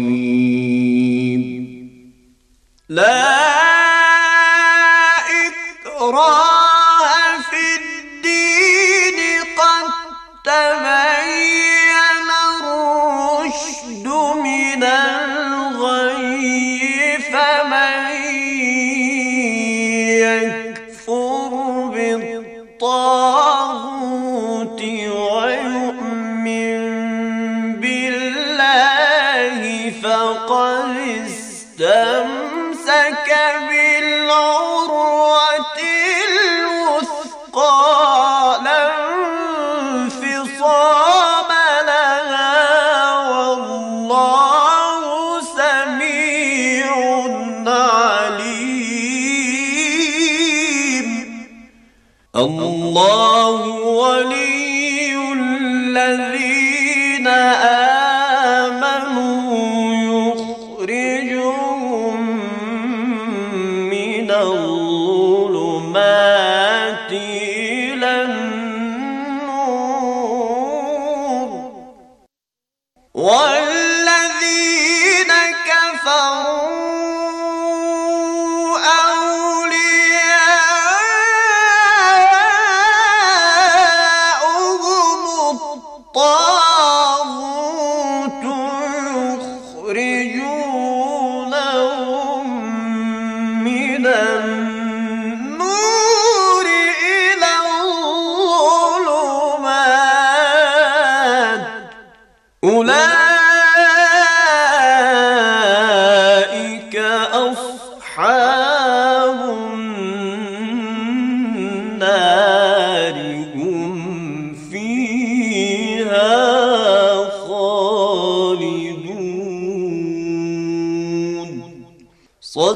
حميد لا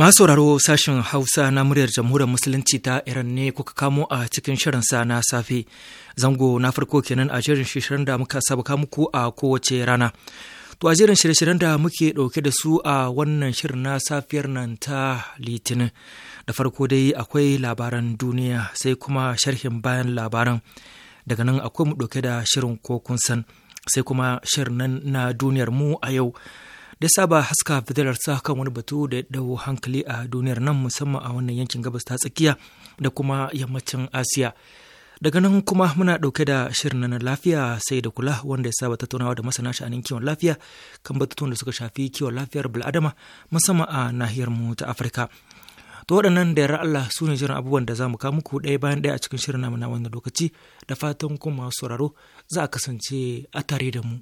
Masu sauraro sashen Hausa na muryar Jamhuriyar Musulunci ta Iran ne kuka kamo a cikin shirin sa na safe. Zango na farko kenan a shirin shirin da muka sabuka muku a kowace rana. To a jerin shirye da muke dauke da su a wannan shirin na safiyar nan ta Litinin. Da farko dai akwai labaran duniya sai kuma sharhin bayan labaran. Daga nan akwai mu dauke da shirin ko kun san sai kuma shirin na duniyar mu a yau. da saba haska fitilar sa kan wani batu da dawo hankali a duniyar nan musamman a wannan yankin gabas ta tsakiya da kuma yammacin asiya daga nan kuma muna ɗauke da shirin na lafiya sai da kula wanda ya saba tattaunawa da masana sha'anin kiwon lafiya kan batutuwan da suka shafi kiwon lafiyar bil'adama musamman a nahiyar mu ta afirka to waɗannan da yarda Allah su ne jiran abubuwan da za mu kawo muku ɗaya bayan ɗaya a cikin shirin namu na wannan lokaci da fatan kuma sauraro za a kasance a tare da mu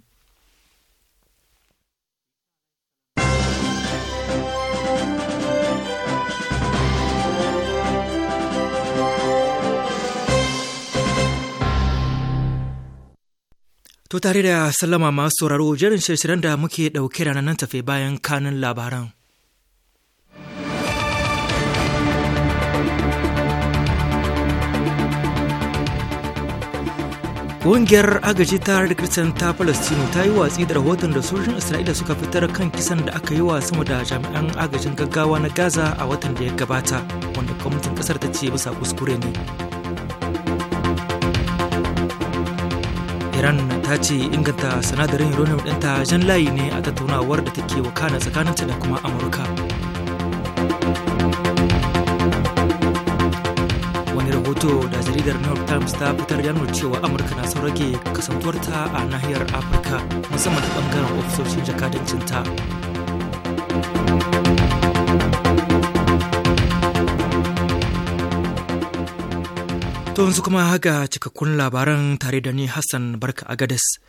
To tare da sallama masu sauraro jerin shirin da muke ɗauke da nan tafe bayan kanun labaran. Ƙungiyar agaji ta Red Christian ta falastinu ta yi watsi da rahoton da sojin Isra'ila suka fitar kan kisan da aka yi wa sama da jami'an agajin gaggawa na Gaza a watan da ya gabata, wanda gwamnatin ƙasar ta ce bisa kuskure ne. iran ta ce inganta sinadarin uranium ɗinta jan layi ne a tattaunawar da take wakana tsakaninta da kuma amurka wani rahoto da jaridar new york times ta fitar ya nuna cewa amurka na son rage kasantuwarta a nahiyar afirka musamman ta bangaren ofisoshin jakadancinta To yanzu kuma ga cikakkun labaran tare da ni Hassan Barka Agadis.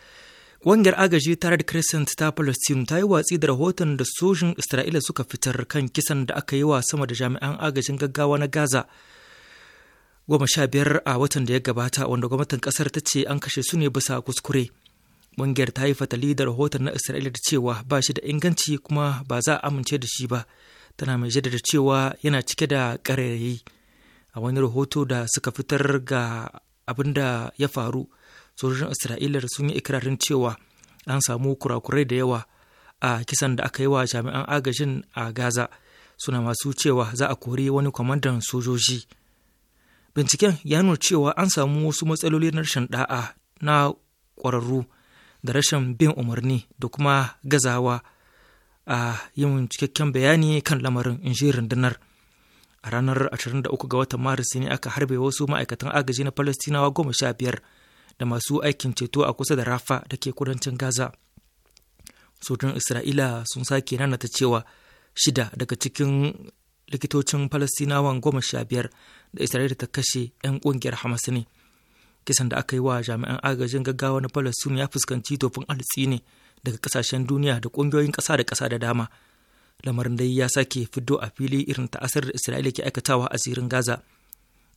Ƙungiyar agaji tare da Crescent ta Palestine ta yi watsi da rahoton da sojin Isra'ila suka fitar kan kisan da aka yi wa sama da jami'an agajin gaggawa na Gaza. Goma sha biyar a watan da ya gabata wanda gwamnatin kasar ta ce an kashe su ne bisa kuskure. Ƙungiyar ta yi fatali da rahoton na Isra'ila da cewa ba shi da inganci kuma ba za a amince da shi ba. Tana mai jaddada cewa yana cike da ƙarairayi. a wani rahoto da suka fitar ga abin da ya faru sojojin isra'ila sun yi ikirarin cewa an samu kurakurai da yawa a kisan da aka yi wa jami'an agajin a gaza suna masu cewa za a kori wani kwamandan sojoji binciken ya nuna cewa an samu wasu matsaloli na rashin da'a na ƙwararru da rashin bin umarni da kuma gazawa a yin cikakken bayani kan lamarin in rundunar a ranar 23 ga watan maris ne aka harbe wasu ma'aikatan agaji na falastinawa goma sha biyar da masu aikin ceto a kusa da rafa da ke kudancin gaza sojin isra'ila sun sake nanata cewa shida daga cikin likitocin falastinawan goma sha biyar da isra'ila ta kashe 'yan kungiyar hamas ne kisan da aka yi wa jami'an agajin gaggawa na palestine ya fuskanci tofin alitsi ne daga kasashen duniya da kungiyoyin kasa da kasa da dama lamarin da ya sake fiddo a fili irin ta'asar da isra'ila ke aikatawa a zirin gaza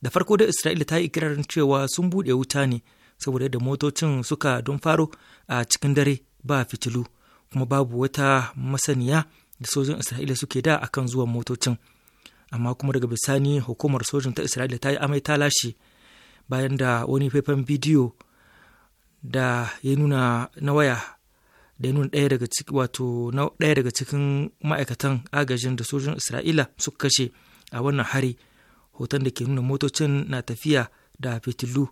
da farko da isra'ila ta yi ikirarin cewa sun buɗe wuta ne saboda da motocin suka don faro a cikin dare ba fitilu kuma babu wata masaniya da sojin isra'ila suke da akan zuwan motocin amma kuma daga bisani hukumar sojin ta isra'ila ta yi amai ta lashe bayan da wani faifan bidiyo da ya nuna na waya da ya nuna ɗaya daga cikin wato ɗaya daga cikin ma'aikatan agajin da sojojin isra'ila suka kashe a wannan hari hoton da ke nuna motocin na tafiya da fitilu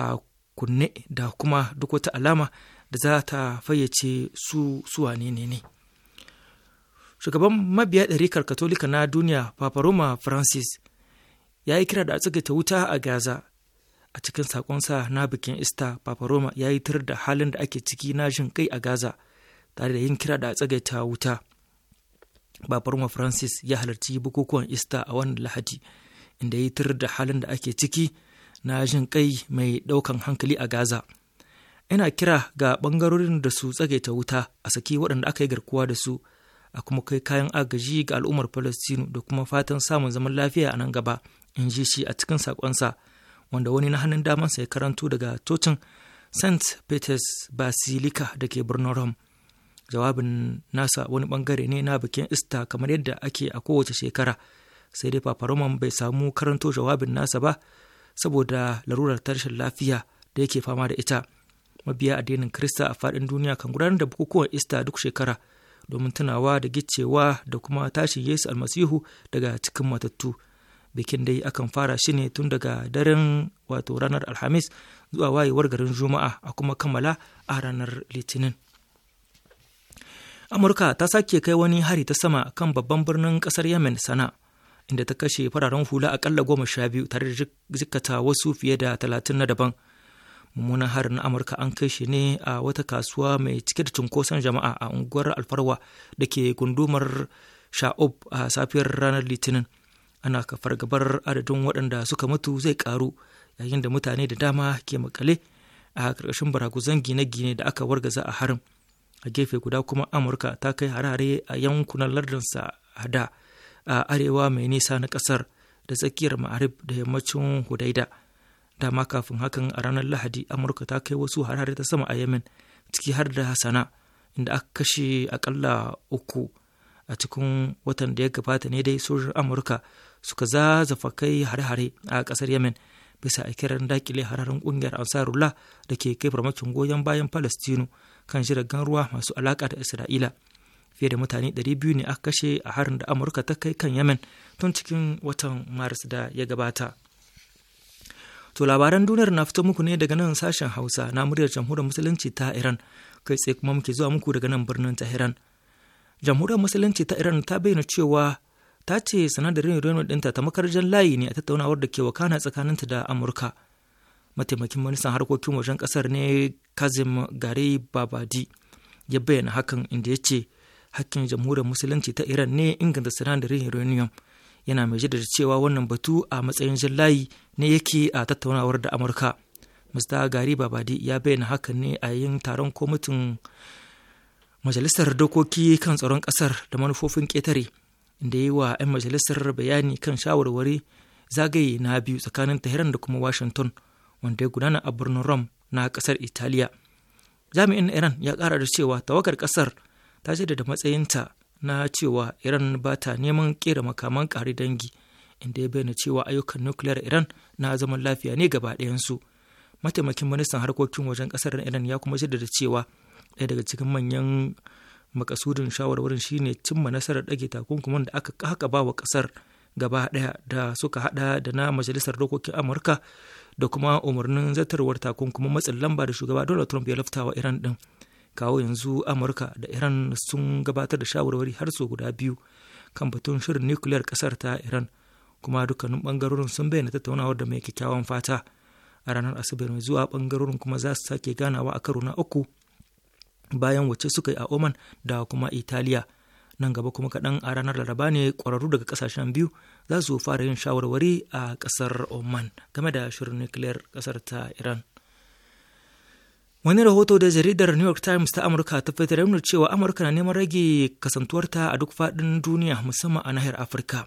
a kunne da kuma duk wata alama da za ta fayyace su suwa ne ne shugaban mabiya ɗarikar katolika na duniya papa roma francis ya yi kira da a ta wuta a gaza a cikin sakonsa na bikin ista papa roma ya yi tur da halin da ake ciki na jin kai a gaza tare da yin kira da tsagaita wuta babar ma francis ya halarci bukukuwan ista a wannan lahadi inda ya tir da halin da ake ciki na jin kai mai daukan hankali a gaza ina kira ga bangarorin da su tsagaita wuta a saki waɗanda aka yi garkuwa da su a kuma kai kayan agaji ga al'ummar palestinu da kuma fatan samun zaman lafiya a nan gaba in ji shi a cikin sakonsa wanda wani na hannun damansa ya karanto daga cocin st peters basilica da ke birnin rome jawabin nasa wani bangare ne na bikin ista kamar yadda ake a kowace shekara sai dai paparoman bai samu karanto jawabin nasa ba saboda larurar tarshen lafiya da yake fama da ita mabiya addinin krista a faɗin duniya kan gudanar da bukukuwan ista duk shekara domin tunawa da gicewa da kuma tashin yesu almasihu daga cikin matattu bikin dai akan fara shi ne tun daga daren wato ranar alhamis zuwa wayewar garin juma'a a kuma kammala a ranar litinin amurka ta sake kai wani hari ta sama kan babban birnin kasar yemen sana inda ta kashe fararen hula akalla goma sha biyu tare da jikata wasu fiye da talatin na daban mummunan harin na amurka an kai shi ne a wata kasuwa mai cike da cunkoson jama'a a unguwar alfarwa da ke gundumar sha'ub a safiyar ranar litinin ana kafar gabar adadin waɗanda suka mutu zai karu yayin da mutane da dama ke makale a ƙarƙashin baraguzan gine-gine da aka wargaza a harin a gefe guda kuma amurka ta kai harare a yankunan lardin sa'ada a arewa mai nisa na kasar da tsakiyar ma'arib da yammacin hudaida dama kafin hakan a ranar lahadi amurka ta kai wasu harare ta sama a yemen ciki har da sana inda aka kashe akalla uku a cikin watan da ya gabata ne dai sojin amurka suka zazafa kai hare-hare a kasar yemen bisa a kiran dakile hararen kungiyar ansarullah da ke kai farmakin goyon bayan palestinu kan jiragen ruwa masu alaka da Isra'ila. Fiye da mutane 200 ne aka kashe a harin da Amurka ta kai kan Yemen tun cikin watan Maris da ya gabata. To labaran duniyar na fito muku ne daga nan sashen Hausa na muryar Jamhuriyar Musulunci ta Iran kai tsaye kuma muke zuwa muku daga nan birnin tahiran Jamhuriyar Musulunci ta Iran ta bayyana cewa ta ce sanadarin uranium ɗinta ta makarjan layi ne a tattaunawar da ke wakana tsakaninta da Amurka. mataimakin ministan harkokin wajen kasar ne kazim gare babadi ya bayyana hakan inda ya ce hakkin jamhuriyar musulunci ta iran ne inganta sinadarin uranium yana mai jaddada cewa wannan batu a matsayin jallayi ne yake a tattaunawar da amurka mista gari babadi ya bayyana hakan ne a yin taron kwamitin majalisar dokoki kan tsaron kasar da manufofin ketare da yi wa 'yan majalisar bayani kan shawarwari zagaye na biyu tsakanin tehran da kuma washington wanda ya gudana a birnin Rome na kasar Italiya. Jami'in Iran ya kara da cewa tawagar kasar ta da matsayinta na cewa Iran ba ta neman kera makaman kare dangi inda ya bayyana cewa ayyukan nukiliyar Iran na zaman lafiya ne gaba ɗayansu. Mataimakin ministan harkokin wajen kasar Iran ya kuma da cewa ɗaya daga cikin manyan makasudin shawarwarin shine cimma nasarar ɗage takunkuman da aka haka ba wa ƙasar gaba ɗaya da suka hada da na majalisar dokokin amurka da kuma umarnin zartarwar takunkumin matsin lamba da shugaba donald trump ya laftawa iran din kawo yanzu amurka da iran sun gabatar da shawarwari har sau guda biyu kan batun shirin nukiliyar kasar ta iran kuma dukkanin bangarorin sun bayyana tattaunawar da mai kyakkyawan fata a ranar asabar mai zuwa bangarorin kuma za su sake ganawa a karo na uku bayan wacce suka yi a oman da kuma italiya nan gaba kuma kaɗan a ranar laraba ne ƙwararru daga ƙasashen biyu za su fara yin shawarwari a kasar Oman game da shirin nukiliyar kasar ta Iran. Wani rahoto da jaridar New York Times ta Amurka ta fitar nuna cewa Amurka na neman rage kasantuwarta a duk faɗin duniya musamman a nahiyar Afirka.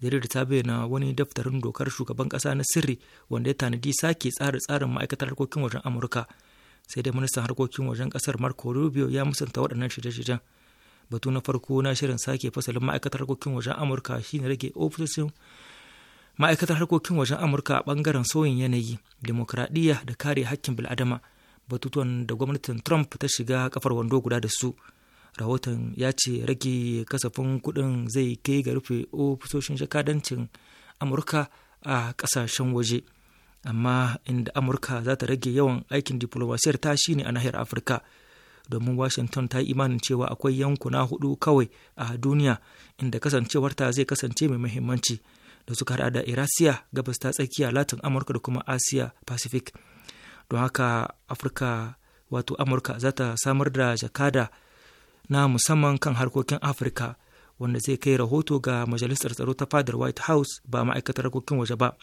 Jaridar ta bayyana wani daftarin dokar shugaban ƙasa na sirri wanda ya tanadi sake tsara tsarin ma'aikatar harkokin wajen Amurka. Sai dai ministan harkokin wajen ƙasar Marco Rubio ya musanta waɗannan shirye-shiryen. batu na farko na shirin sake fasalin ma'aikatar harkokin wajen amurka shine rage ofisoshin ma'aikatar harkokin wajen amurka a bangaren sauyin yanayi demokradiyya da kare hakkin bil'adama batutuwan da gwamnatin trump ta shiga kafar wando guda da su rahoton ya ce rage kasafin kuɗin zai kai ga rufe ofisoshin jakadancin amurka a ƙasashen waje amma inda amurka za ta rage yawan aikin diplomasiyar ta shine a nahiyar afirka domin washington ta yi imanin cewa akwai yankuna hudu kawai a duniya inda kasancewar ta zai kasance mai muhimmanci da suka hada da irasiya gabas ta tsakiya latin amurka da kuma asia pacific don haka afirka wato amurka za ta samar da jakada na musamman kan harkokin afirka wanda zai kai rahoto ga majalisar tsaro ta fadar white house ba ma'aikatar harkokin waje ba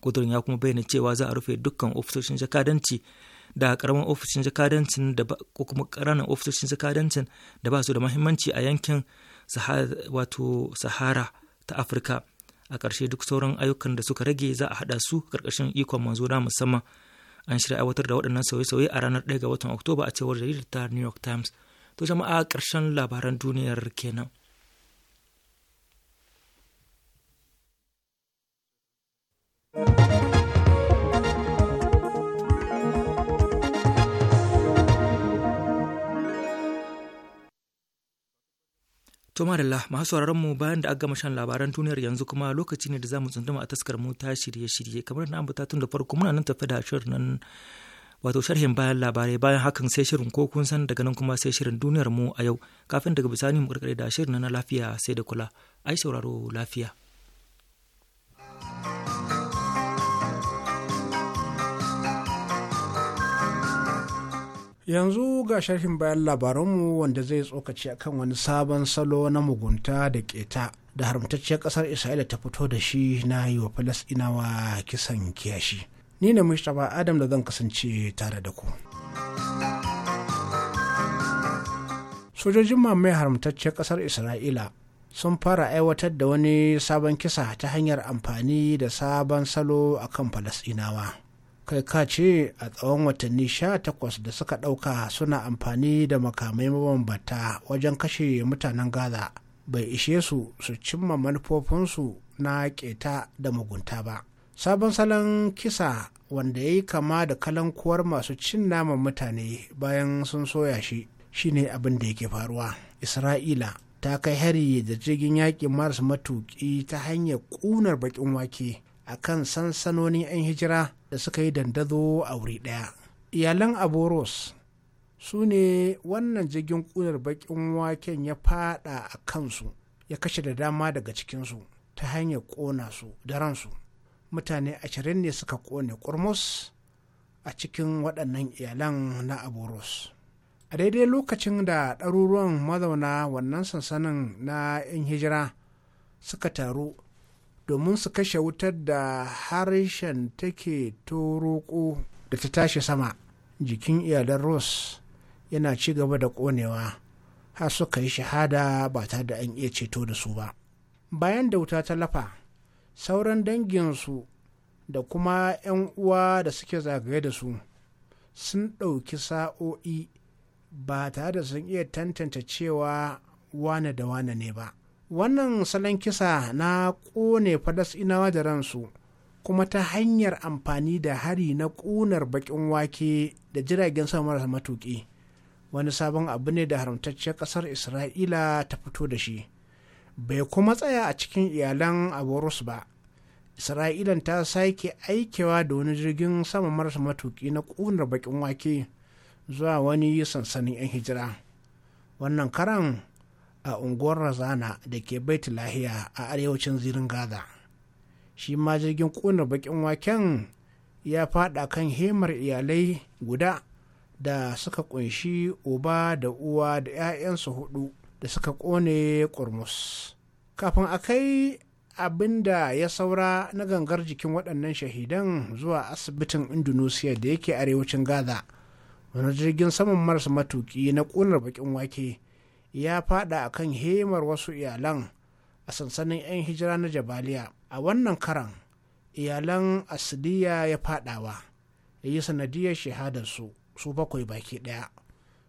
kudurin ya kuma bayyana cewa za a rufe dukkan ofisoshin jakadanci da karamin ofishin jakadancin da ko kuma karanan ofisoshin jakadancin da ba su da mahimmanci a yankin wato sahara ta afirka a ƙarshe duk sauran ayyukan da suka rage za a haɗa su ƙarƙashin ikon manzo na musamman an shirya aiwatar da waɗannan sauye-sauye a ranar 1 ga watan oktoba a cewar jaridar ta new york times to jama'a ƙarshen labaran duniyar kenan To marilla masu mu bayan da aka gama shan labaran duniyar yanzu kuma lokaci ne da za mu tsunduma a taskar mu ta shirye-shirye kamar na ambata tun da farko muna nan tafi da shirin nan wato sharhin bayan labarai bayan hakan sai shirin ko kun san daga nan kuma sai shirin duniyar mu a yau kafin daga bisani mu karkare da shirin na lafiya sai da kula ai sauraro lafiya. yanzu ga sharhin bayan labaranmu wanda zai tsokaci akan wani sabon salo na mugunta da keta da haramtacciyar kasar isra'ila ta fito da shi na yi wa falasɗinawa kisan kiyashi ni ne mustapha adam da zan kasance tare da ku sojojin mamaye haramtacciyar kasar isra'ila sun fara aiwatar da wani sabon kisa ta hanyar amfani da sabon salo akan falasɗinawa kai ka ce a tsawon watanni sha takwas da suka ɗauka suna amfani da makamai mabambata wajen kashe mutanen gaza bai ishe su su cimma manufofinsu na keta da mugunta ba sabon salon kisa wanda ya yi kama da kalankuwar masu cin naman mutane bayan sun soya shi shine abin da yake faruwa isra'ila ta kai hari da jirgin yaƙin maras matuƙi ta hanyar ƙunar baƙin wake a kan sansanonin 'yan hijira da suka yi dandazo a wuri ɗaya iyalan aboros su ne wannan jirgin ƙunar baƙin waken ya fada a kansu ya kashe da dama daga cikinsu ta hanyar ƙona su da ransu mutane ashirin ne suka ƙone ƙurmus a cikin waɗannan iyalan na aboros a daidai lokacin da ɗaruruwan mazauna wannan sansanin na 'yan hijira suka taru domin su kashe wutar da harshen take toroko da ta tashi sama jikin iyalan ross yana ci gaba da ƙonewa har suka yi shahada ba tare da an iya ceto da su ba bayan da wuta ta lafa sauran danginsu da kuma 'yan uwa da suke zagaye da su sun ɗauki sa'o'i ba tare da sun iya tantance cewa wane da wane ne ba wannan salon kisa na ƙone inawa da ransu kuma ta hanyar amfani da hari na ƙunar baƙin wake da jiragen sama marasa matuƙi wani sabon abu ne da haramtacciyar ƙasar isra'ila ta fito da shi bai kuma tsaya a cikin iyalan aborus ba isra'ilan ta sake aikewa da wani jirgin sama marasa matuƙi na ƙunar baƙin wake zuwa wani sansanin 'yan hijira wannan karan a unguwar razana da ke bait lahiya a arewacin zirin gaza shi ma jirgin ƙona bakin waken ya fada kan hemar iyalai guda da suka kunshi uba da uwa da 'ya'yansu hudu da suka kone kurmus. kafin a kai abin da ya saura na gangar jikin waɗannan shahidan zuwa asibitin indonesia da yake arewacin gaza wani jirgin saman marasa matuki na ƙunar bakin wake ya fada a kan hemar wasu iyalan a sansanin 'yan hijira na jabaliya a wannan karan iyalan asiliya ya fadawa ya yi sanadiyar shahadarsu su bakwai baki daya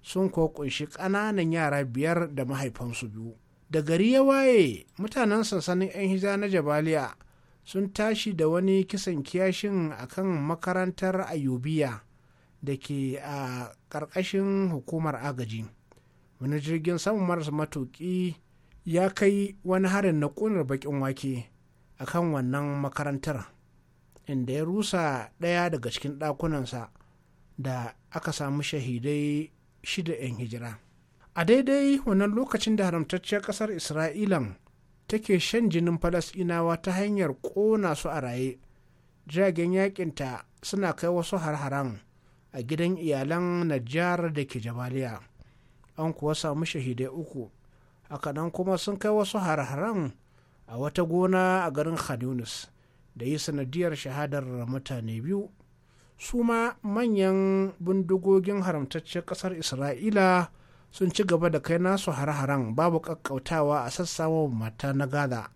sun ko kunshi ƙananan yara biyar da mahaifansu biyu da gari ya waye mutanen sansanin 'yan hijira na jabaliya sun tashi da wani kisan kiyashin a kan makarantar ayubiya da ke a ƙarƙashin hukumar agaji. wani jirgin saman marasa matuƙi ya kai wani harin na ƙunar baƙin wake a kan wannan makarantar inda ya rusa ɗaya daga cikin ɗakunansa da aka samu shahidai shida 'yan hijira a daidai wannan lokacin da haramtacciyar ƙasar isra'ilan take shan jinin falasɗinawa ta hanyar ƙona su a raye jiragen yakinta suna kai wasu har-haran a gidan iyalan najjar da ke jabaliya an kuwa samu shahidai uku hakanan kuma sun kai wasu har-haren a wata gona a garin khan da yi sanadiyar shahadar mutane biyu su ma manyan bindigogin haramtaccen kasar isra'ila sun ci gaba da kai nasu har-haren babu kakkautawa a sassawa mata na gaza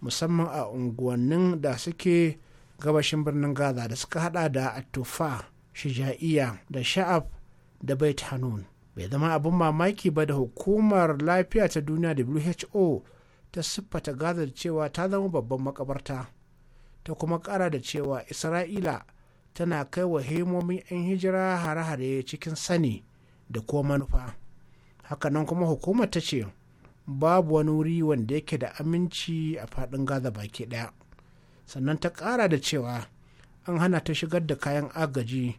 musamman a unguwannin da suke gabashin birnin gaza da suka hada da atufa shija'iya da sha'ab da bait hanun bai zama abin mamaki ba da hukumar lafiya ta duniya who ta siffata gaza cewa ta zama babban makabarta ta kuma kara da cewa isra'ila tana kai wa hemomin 'yan hijira hare-hare cikin sani da ko manufa hakanan kuma hukumar ta ce babu wani wuri wanda yake da aminci a faɗin gaza baki ɗaya sannan ta ƙara da cewa an hana ta shigar da kayan agaji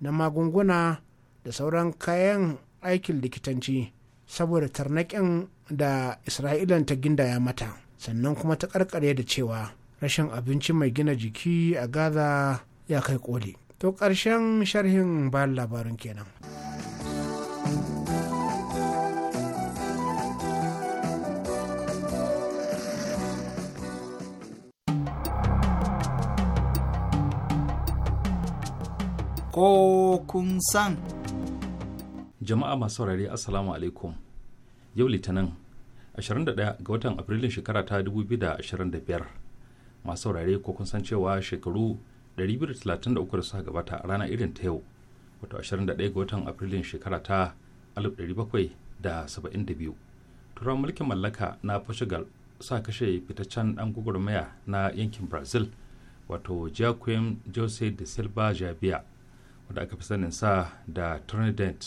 na magunguna da sauran kayan aikin likitanci saboda tarnaƙin da isra'ilan ta gindaya mata sannan kuma ta karkare da cewa rashin abinci mai gina jiki a gaza ya kai ƙoli, to ƙarshen sharhin bayan labarin kenan. ko kun san. jama'a masu saurare assalamu alaikum yau litinin 21 ga watan afrilun shekara ta 2025 masu saurare ko kun san cewa shekaru 233 da suka gabata a rana irin ta yau wato 21 ga watan afrilun shekara ta 1772 turawan mulkin mallaka na portugal sa kashe fitaccen dan gwagwarmaya na yankin brazil wato jacquem jose de silva jabia wanda aka fi sanin sa da trinidad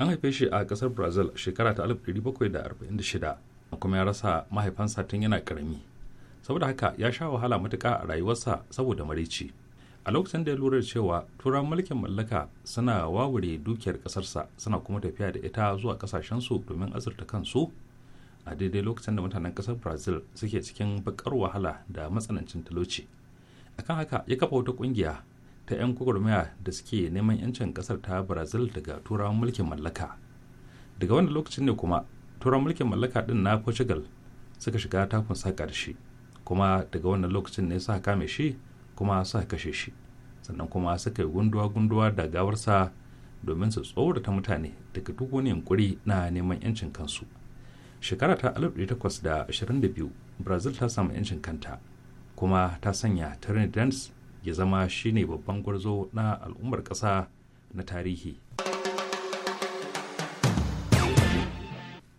an haife shi a kasar brazil shekara ta 1746 kuma ya rasa mahaifansa tun yana karami saboda haka ya sha wahala matuka a rayuwarsa saboda marici a lokacin da ya lura da cewa turan mulkin mallaka suna wawure dukiyar ƙasarsa. suna kuma tafiya da ita zuwa kasashensu domin azurta kansu a daidai lokacin da mutanen ƙasar brazil suke cikin bakar wahala da matsanancin talauci akan haka ya kafa wata ƙungiya. ta 'yan gwagwarmaya da suke neman 'yancin kasar ta brazil daga turawan mulkin mallaka daga wani lokacin ne kuma turawan mulkin mallaka din na portugal suka shiga takun saƙa da shi kuma daga wannan lokacin ne suka kame shi kuma suka kashe shi sannan kuma suka yi gunduwa-gunduwa da gawarsa domin su tsorata mutane daga duk wani yunkuri na neman 'yancin kansu shekara ta da 1822 brazil ta samu 'yancin kanta kuma ta sanya trinidad ya zama shine babban gwarzo na al'ummar ƙasa na tarihi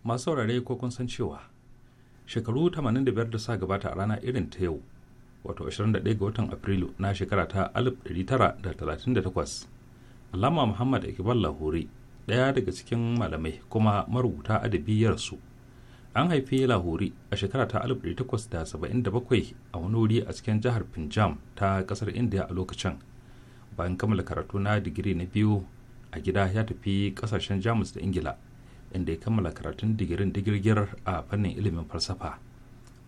masu saurare ko kun san cewa shekaru 85 da sa gabata a rana irin ta yau wato 21 ga watan afrilu na shekara ta 1938 alama muhammad iqbal lahore ɗaya daga cikin malamai kuma marubuta adabi ya rasu an haifi lahori a shekara ta 1877 a wani wuri a cikin jihar punjab ta kasar india a lokacin bayan kammala karatu na digiri na biyu a gida ya tafi kasashen jamus da ingila inda ya kammala karatun digirin digirgir a fannin ilimin falsafa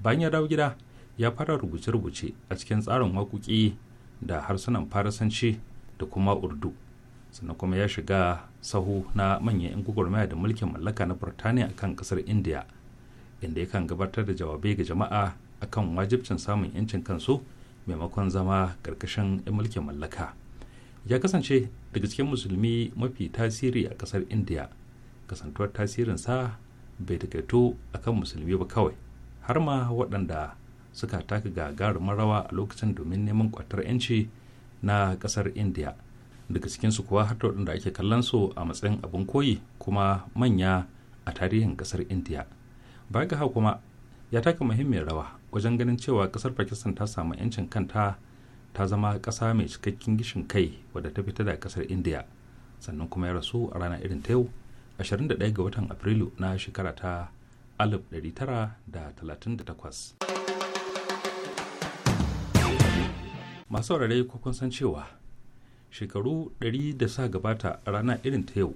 bayan ya dawo gida ya fara rubuce-rubuce a cikin tsarin waƙoƙi da harsunan farasanci da kuma urdu sannan kuma ya shiga sahu na manyan 'yan da mulkin mallaka na a kan kasar india inda yakan gabatar da jawabai ga jama'a a kan wajibcin samun 'yancin kansu maimakon zama karkashin 'yan mulkin mallaka ya kasance daga cikin musulmi mafi tasiri a kasar indiya kasantuwar tasirinsa bai takaito kan musulmi ba kawai har ma waɗanda suka taka gagarumin rawa a lokacin domin neman kwatar 'yanci na kasar indiya daga cikinsu kuwa har da waɗanda ake kallon su a matsayin abin koyi kuma manya a tarihin kasar indiya baya ga kuma ya taka muhimmiyar rawa wajen ganin cewa kasar pakistan ta samu 'yancin kanta ta zama kasa mai cikakken gishin kai wadda ta fita da kasar india sannan kuma ya rasu a rana irin ta yau 21 ga watan afrilu na shekara ta 1938 masu saurare ko kun san cewa shekaru 100 da sa gabata a rana irin ta yau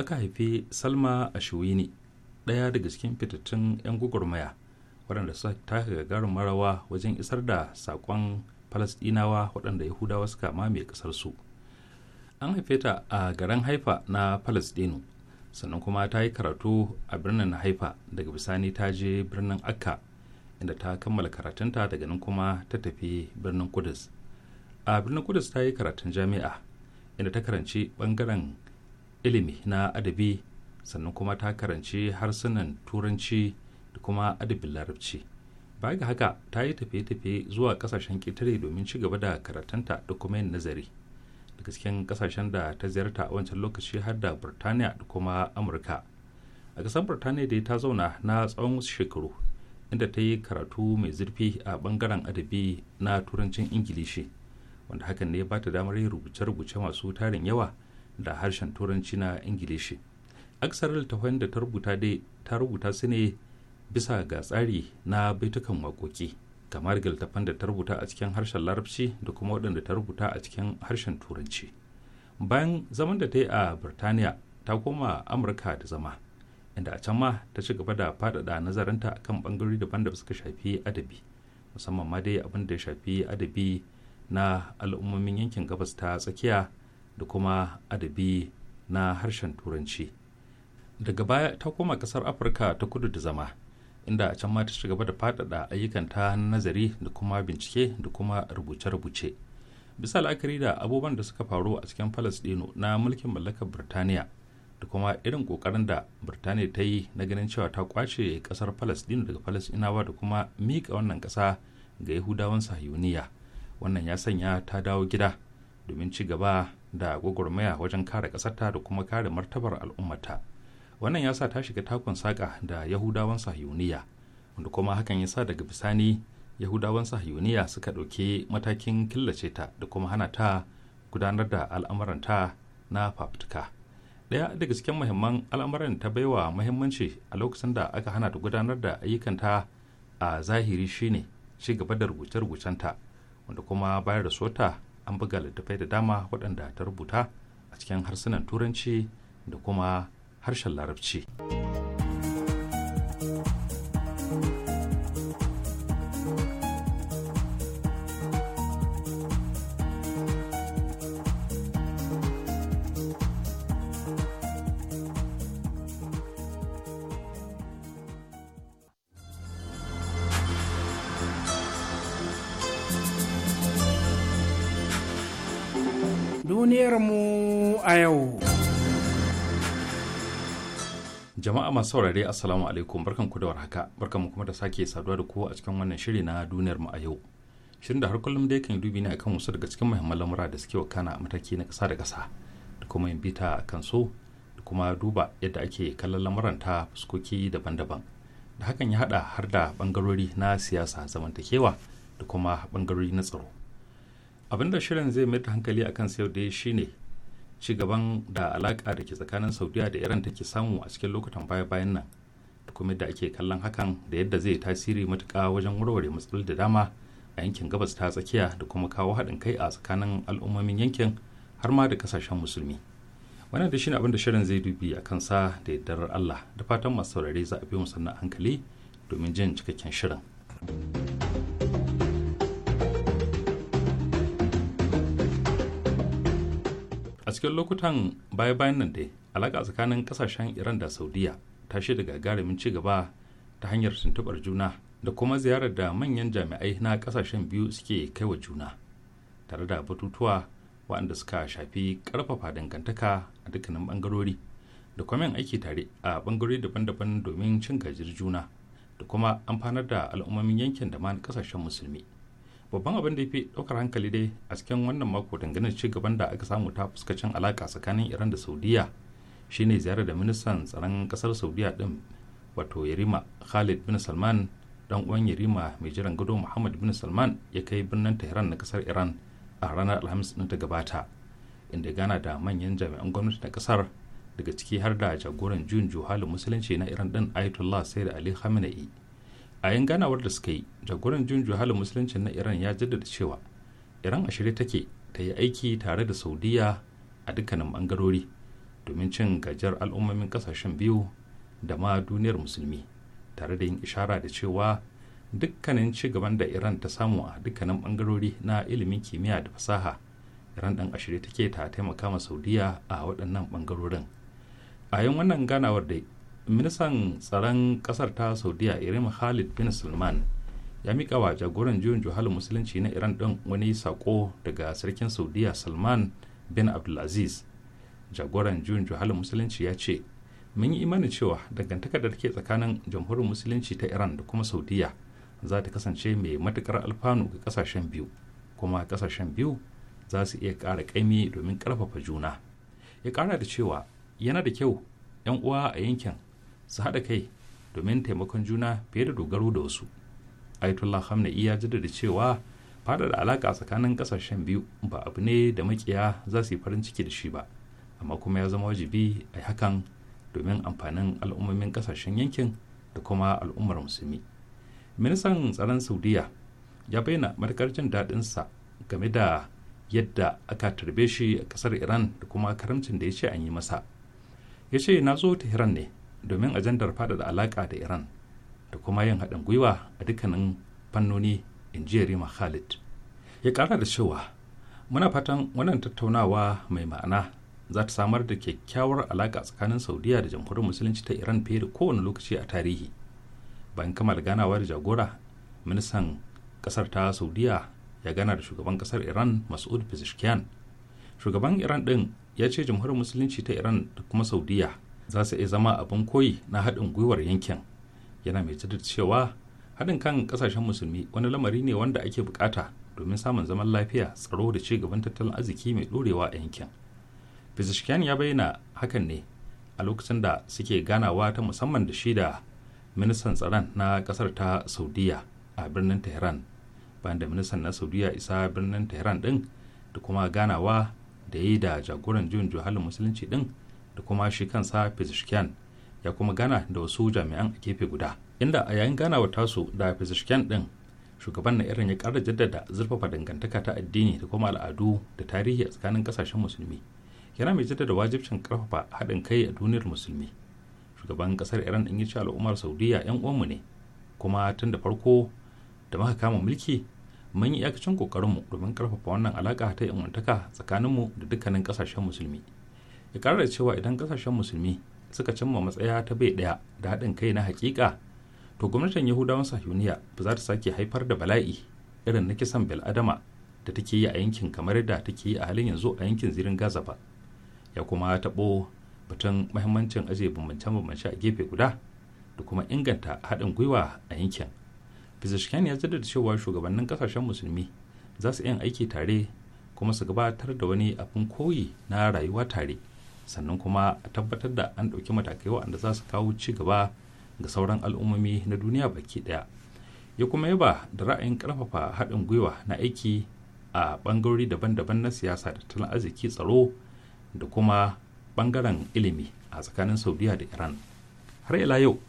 aka haife salma a shuwini ɗaya daga cikin fitattun 'yan gwagwarmaya waɗanda ta taka gagarin marawa wajen isar da saƙon falasɗinawa waɗanda yahudawa suka mamaye ƙasarsu an haife ta a garin haifa na falasɗinu sannan kuma ta yi karatu a birnin haifa daga bisani ta je birnin akka inda ta kammala karatunta daga nan kuma ta tafi birnin kudus a birnin kudus ta yi karatun jami'a inda ta karanci ɓangaren ilimi na adabi sannan kuma ta karanci harsunan turanci da kuma adabin larabci baya ga haka ta yi tafiye-tafiye zuwa kasashen ƙetare domin ci gaba da karatunta da kuma yin nazari da cikin kasashen da ta ziyarta a wancan lokaci har da burtaniya da kuma amurka a ƙasar burtaniya dai ta zauna na tsawon wasu shekaru inda ta yi karatu mai zurfi a bangaren adabi na turancin ingilishi wanda hakan ne ba ta damar yin rubuce-rubuce masu tarin yawa da harshen turanci na ingilishi aksar littafin da ta rubuta dai ta rubuta su ne bisa ga tsari na baitukan waƙoƙi kamar ga da ta rubuta a cikin harshen larabci da kuma waɗanda ta rubuta a cikin harshen turanci bayan zaman da ta yi a birtaniya ta koma amurka da zama inda a can ma ta ci gaba da faɗaɗa nazarinta kan ɓangarori daban da suka shafi adabi musamman ma dai abin da ya shafi adabi na al'ummomin yankin gabas ta tsakiya da kuma adabi na harshen turanci daga baya ta koma kasar afirka ta kudu da zama inda a can ma ta da faɗaɗa ayyukan ta nazari da kuma bincike da kuma rubuce-rubuce bisa la'akari da abubuwan da suka faru a cikin dino na mulkin mallakar birtaniya da kuma irin kokarin da birtaniya ta yi na ganin cewa ta kwace kasar dino daga inawa da kuma miƙa wannan ƙasa ga yahudawan sahiyuniya wannan ya sanya ta dawo gida domin ci gaba da gwagwarmaya wajen kare ƙasarta da kuma kare martabar al'ummata wannan ya sa ta shiga takon saka da yahudawan sahiyuniya wanda kuma hakan ya sa daga bisani yahudawan sahiyuniya suka ɗauki matakin killace ta da kuma hana ta gudanar da al'amuranta na fafutuka ɗaya daga cikin mahimman al'amuran ta baiwa mahimmanci a lokacin da aka hana ta gudanar da ayyukanta a zahiri shine ci gaba da rubuce-rubucenta wanda kuma bayar da sota an buga littattafai da dama waɗanda ta rubuta a cikin harsunan turanci da kuma harshen larabci duniyarmu a yau. jama'a masu saurare assalamu alaikum barkan ku da warhaka barkan mu kuma da sake saduwa da ku a cikin wannan shiri na duniyar mu a yau shirin da har kullum da yakan dubi ne akan wasu daga cikin muhimman lamura da suke wakana a mataki na kasa da kasa da kuma yin bita akan so da kuma duba yadda ake kallon lamuran ta fuskoki daban-daban da hakan ya hada har da bangarori na siyasa zamantakewa da kuma bangarori na tsaro abinda shirin zai mayar da hankali akan sayar da shi ne. ci gaban da alaƙa da ke tsakanin saudiya da iran take samu a cikin lokutan baya-bayan nan da kuma yadda ake kallon hakan da yadda zai tasiri matuƙa wajen warware matsaloli da dama a yankin gabas ta tsakiya da kuma kawo haɗin kai a tsakanin al'ummomin yankin har ma da ƙasashen musulmi wannan da shine abin da shirin zai dubi a sa da yardar allah da fatan masu saurare za a bi mu sannan hankali domin jin cikakken shirin. thank you cikin lokutan baya-bayan nan dai alaka tsakanin ƙasashen iran da saudiya ta shaida gagarumin ci gaba ta hanyar tuntuɓar juna da kuma ziyarar da manyan jami'ai na kasashen biyu suke kai wa juna tare da batutuwa waɗanda suka shafi ƙarfafa dangantaka a dukkanin ɓangarori da kuma yin aiki tare a ɓangarori daban-daban domin cin gajiyar juna da kuma amfanar da al'ummomin yankin da ma ƙasashen musulmi babban abin da ya fi ɗaukar hankali dai a cikin wannan mako dangane ci gaban da aka samu ta fuskacin alaƙa tsakanin iran da saudiya shine ziyarar da ministan tsaron ƙasar saudiya ɗin wato yarima khalid bin salman dan uwan yarima mai jiran gado muhammad bin salman ya kai birnin tehran na kasar iran a ranar alhamis ɗin ta gabata inda gana da manyan jami'an gwamnati na kasar daga ciki har da jagoran juyin juhalin musulunci na iran din ayatollah sayyid ali khamenei a yin ganawar da suka yi jagoran junju halin musulunci na iran ya jaddada cewa iran a shirye take ta yi aiki tare da saudiya a dukkanin bangarori domin cin gajiyar al'ummomin kasashen biyu da ma duniyar musulmi tare da yin ishara da cewa dukkanin ci gaban da iran ta samu a dukkanin bangarori na ilimin kimiyya da fasaha iran ɗan ashirin take ta taimaka ma saudiya a waɗannan bangarorin a yin wannan ganawar da. Mm. ministan tsaron kasar ta saudiya irin khalid bin salman ya mika wa jagoran juyin juhalin musulunci na iran ɗin wani sako daga sarkin saudiya salman bin abdulaziz jagoran juyin juhalin musulunci ya ce mun yi imani cewa dangantakar da take tsakanin Jamhurin musulunci ta iran da kuma saudiya za ta kasance mai matukar alfanu ga kasashen biyu kuma kasashen biyu za su iya ƙara ƙaimi domin ƙarfafa juna ya ƙara da cewa yana da kyau 'yan uwa a yankin su haɗa kai domin taimakon juna fiye da dogaro da wasu ayatollah khamenei ya jaddada cewa faɗaɗa alaƙa tsakanin ƙasashen biyu ba abu ne da makiya za su yi farin ciki da shi ba amma kuma ya zama wajibi a hakan domin amfanin al'ummomin ƙasashen yankin da kuma al'ummar musulmi ministan tsaron saudiya ya bayyana matakar jin daɗinsa game da yadda aka tarbe shi a ƙasar iran da kuma karamcin da ya ce an yi masa ya ce na zo ta ne domin ajandar faɗaɗa alaka da iran da kuma yin haɗin gwiwa a dukkanin fannoni in ji rima khalid ya ƙara da cewa muna fatan wannan tattaunawa mai ma'ana za ta samar da kyakkyawar alaƙa tsakanin saudiya da jamhuriyar musulunci ta iran fiye da kowane lokaci a tarihi bayan kammala ganawa da jagora ministan ƙasar ta saudiya ya gana da shugaban ƙasar iran masud pezeshkian shugaban iran ɗin ya ce jamhuriyar musulunci ta iran da kuma saudiya za su iya zama abin koyi na haɗin gwiwar yankin yana mai jaddada cewa haɗin kan ƙasashen musulmi wani lamari ne wanda ake bukata domin samun zaman lafiya tsaro da ci gaban tattalin arziki mai ɗorewa a yankin fizishkiyan ya bayyana hakan ne a lokacin da suke ganawa ta musamman da shi da ministan tsaron na ƙasar ta saudiya a birnin tehran bayan da ministan na saudiya isa birnin tehran ɗin da kuma ganawa da yi da jagoran juyin juhalin musulunci ɗin da kuma shi kansa fizishken ya kuma gana da wasu jami'an a gefe guda inda a yayin ganawa tasu da fizishken din shugaban na irin ya ƙara jaddada zurfafa dangantaka ta addini da kuma al'adu da tarihi a tsakanin kasashen musulmi yana mai jaddada wajibcin ƙarfafa haɗin kai a duniyar musulmi shugaban ƙasar iran in ya ce al'ummar saudiya 'yan uwanmu ne kuma tun da farko da muka kama mulki mun yi iyakacin ƙoƙarinmu domin karfafa wannan alaƙa ta 'yan tsakaninmu da dukkanin ƙasashen musulmi ya karar cewa idan kasashen musulmi suka cimma matsaya ta bai ɗaya da haɗin kai na hakika to gwamnatin yahudawan sahuniya ba za ta sake haifar da bala'i irin na kisan bil'adama da take yi a yankin kamar da take yi a halin yanzu a yankin zirin gaza ba ya kuma taɓo batun mahimmancin ajiye bambance-bambance a gefe guda da kuma inganta haɗin gwiwa a yankin fizishkan ya jaddada cewa shugabannin kasashen musulmi za su yin aiki tare kuma su gabatar da wani abin koyi na rayuwa tare sannan kuma a tabbatar da an ɗauki matakai waɗanda za su kawo ci gaba ga sauran al'ummomi na duniya baki ɗaya ya kuma yaba da ra'ayin ƙarfafa haɗin gwiwa na aiki a ɓangarori daban-daban na siyasa da tattalin arziki tsaro da kuma ɓangaren ilimi a tsakanin saudiya da iran har ila yau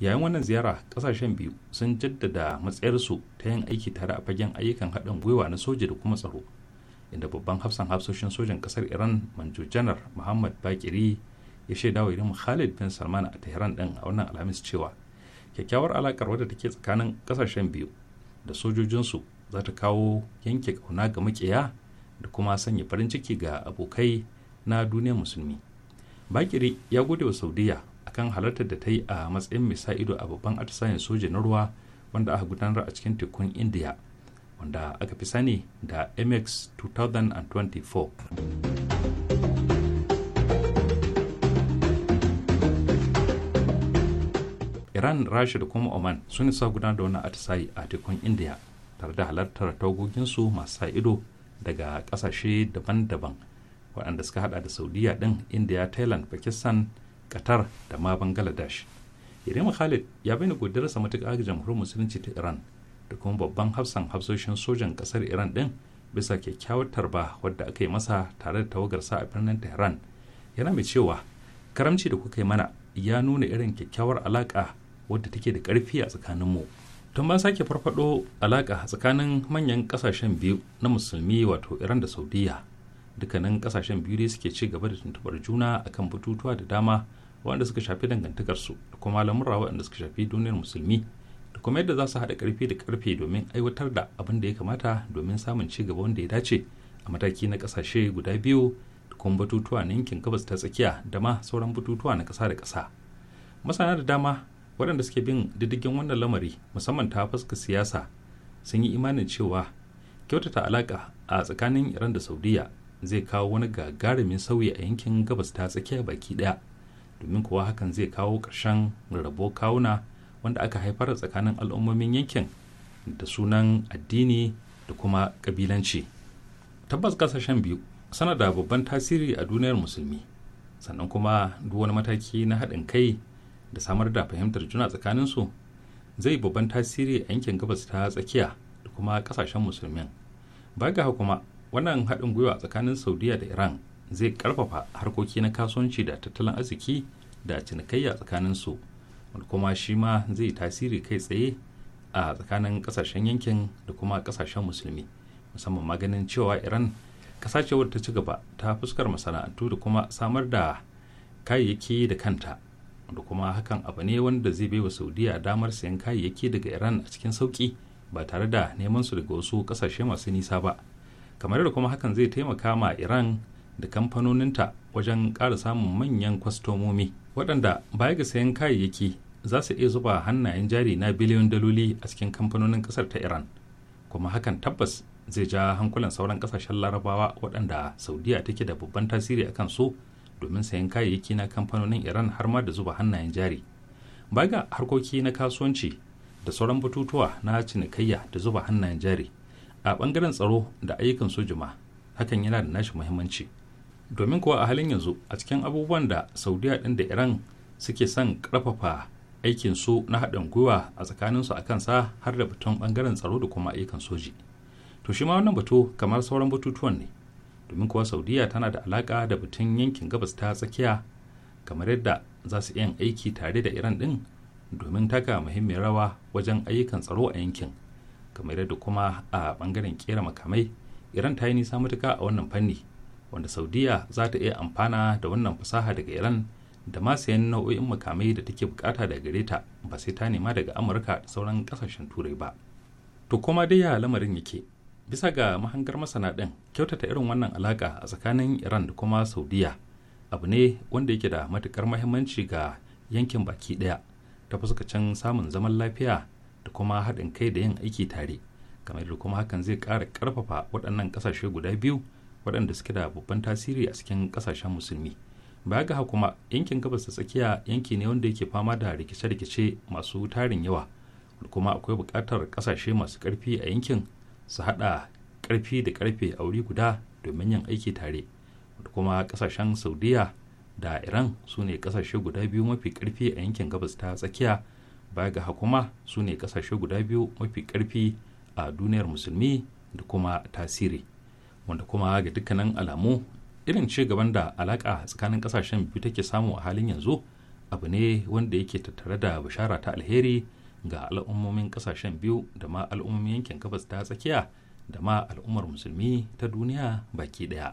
yayin wannan ziyara ƙasashen biyu sun jaddada matsayarsu ta yin aiki tare a fagen ayyukan haɗin gwiwa na soja da kuma tsaro inda babban hafsan hafsoshin sojan kasar iran manjo janar muhammad bakiri ya shaida wa irin khalid bin salman a tehran din a wannan alhamis cewa kyakkyawar alakar wadda take tsakanin kasashen biyu da sojojinsu za ta kawo yanke kauna ga makiya da kuma sanya farin ciki ga abokai na duniyar musulmi bakiri ya gode wa saudiya akan halartar da ta yi a matsayin misa ido a babban atisayen soja na ruwa wanda aka gudanar a cikin tekun indiya wanda aka fi sani da mx 2024 iran rasha da kuma oman sun isa gudanar da wani atisayi a tekun indiya tare da halartar tagoginsu masu sa ido daga kasashe daban-daban waɗanda suka hada da saudiya ɗin indiya thailand pakistan qatar da ma bangladesh irima khalid ya bayyana godiyarsa matuƙa ga jamhuriyar musulunci ta iran da kuma babban hafsan hafsoshin sojan kasar iran din bisa kyakkyawar tarba wadda aka yi masa tare da tawagar sa a birnin tehran yana mai cewa karamci da kuka yi mana ya nuna irin kyakkyawar alaka wadda take da karfi a tsakaninmu tun ban sake farfado alaka tsakanin manyan kasashen biyu na musulmi wato iran da saudiya dukkanin kasashen biyu dai suke ci gaba da tuntubar juna akan batutuwa da dama waɗanda suka shafi dangantakarsu da kuma lamurra waɗanda suka shafi duniyar musulmi kuma yadda za su haɗa ƙarfi da ƙarfe domin aiwatar da abin da ya kamata domin samun ci gaba wanda ya dace a mataki na ƙasashe guda biyu da kuma batutuwa na yankin gabas ta tsakiya da ma sauran batutuwa na ƙasa da ƙasa masana da dama waɗanda suke bin diddigin wannan lamari musamman ta fuska siyasa sun yi imanin cewa kyautata alaƙa a tsakanin iran da saudiyya zai kawo wani gagarumin sauyi a yankin gabas ta tsakiya baki ɗaya domin kuwa hakan zai kawo ƙarshen rabo kawuna wanda aka haifar tsakanin al'ummomin yankin da sunan addini da kuma kabilanci tabbas ƙasashen biyu sana da babban tasiri a duniyar musulmi sannan kuma duk wani mataki na haɗin kai da samar da fahimtar juna tsakaninsu zai babban tasiri a yankin gabas ta tsakiya da kuma ƙasashen musulmin baga kuma wannan haɗin gwiwa tsakanin saudiya da iran zai ƙarfafa harkoki na kasuwanci da tattalin arziki da cinikayya tsakanin su. kuma shi ma zai tasiri kai tsaye a tsakanin kasashen yankin da kuma kasashen musulmi musamman maganin cewa iran kasashe wadda ta ci gaba ta fuskar masana'antu da kuma samar da kayayyaki da kanta da kuma hakan abu ne wanda zai baiwa saudiya damar sayan kayayyaki daga iran a cikin sauki ba tare da neman su daga wasu kasashe masu nisa ba kamar da kuma hakan zai taimaka ma iran da kamfanoninta wajen kara samun manyan kwastomomi waɗanda baya ga sayan kayayyaki za su iya zuba hannayen jari na biliyon daloli a cikin kamfanonin kasar ta iran kuma hakan tabbas zai ja hankulan sauran kasashen larabawa waɗanda saudiya take da babban tasiri a kan su domin sayan kayayyaki na kamfanonin iran har ma da zuba hannayen jari baga harkoki na kasuwanci da sauran batutuwa na cinikayya da zuba hannayen jari a bangaren tsaro da ayyukan sojuma hakan yana da nashi muhimmanci domin kuwa a halin yanzu a cikin abubuwan da saudiya ɗin da iran suke son ƙarfafa aikin su na haɗin gwiwa a tsakaninsu akan sa har da batun bangaren tsaro da kuma ayyukan soji to shi ma wannan batu kamar sauran batutuwan ne domin kuwa saudiya tana da alaka da batun yankin gabas ta tsakiya kamar yadda za su yin aiki tare da iran ɗin domin taka muhimmiyar rawa wajen ayyukan tsaro a yankin kamar yadda kuma a bangaren kera makamai iran ta yi nisa matuka a wannan fanni wanda saudiya za ta iya amfana da wannan fasaha daga iran da ma sayan nau'o'in makamai da take bukata da gare ta ba sai ta nema daga amurka da sauran kasashen turai ba to kuma dai ya lamarin yake bisa ga mahangar masana din kyautata irin wannan alaka a tsakanin iran da kuma saudiya abu ne wanda yake da matukar mahimmanci ga yankin baki daya ta fuskacin samun zaman lafiya da kuma haɗin kai da yin aiki tare kamar da kuma hakan zai ƙara ƙarfafa waɗannan ƙasashe guda biyu waɗanda suke da babban tasiri a cikin ƙasashen musulmi baya ga kuma yankin gabas da tsakiya yanki ne wanda yake fama da rikice-rikice masu tarin yawa kuma akwai bukatar kasashe masu karfi a yankin su hada karfi da karfe a wuri guda domin yin aiki tare kuma kasashen saudiya da iran su ne kasashe guda biyu mafi karfi a yankin gabas ta tsakiya baya ga kuma su ne kasashe guda biyu mafi karfi a duniyar musulmi da kuma tasiri wanda kuma ga dukkanin alamu irin ci gaban da alaƙa tsakanin kasashen biyu take samu a halin yanzu abu ne wanda yake tattare da bishara ta alheri ga al'ummomin ƙasashen biyu da ma al'ummomin yankin gabas ta tsakiya da ma al'ummar musulmi ta duniya baki ɗaya.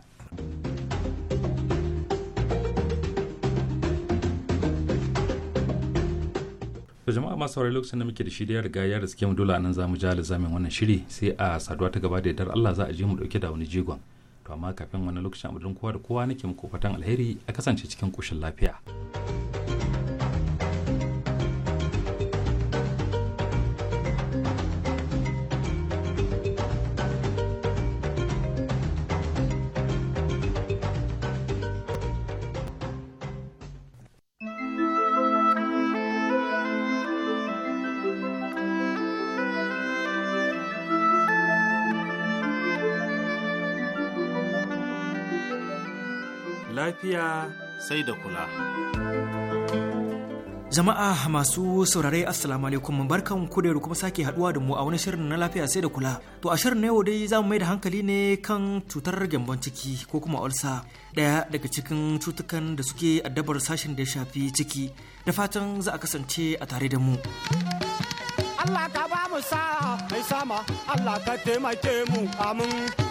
da jama'a masu saurari lokacin da muke da shi da ya riga ya riske mu dole nan zamu ji alizamin wannan shiri sai a saduwa ta gaba da yardar Allah za a ji mu dauke da wani jigon to amma kafin wani lokacin abudin kowa da kowa nake muku fatan alheri a kasance cikin koshin lafiya. lafiya sai da kula. Jama'a masu saurare Assalamu alaikum barkan ku da kuma sake haduwa da mu a wani shirin na lafiya sai da kula. To a shirin na yau dai za mu mai da hankali ne kan cutar gyambon ciki ko kuma ulsa daya daga cikin cutukan da suke addabar sashen da ya shafi ciki da fatan za a kasance a tare da mu. Allah ka ba mu sa'a mai sama Allah ka taimake mu amin.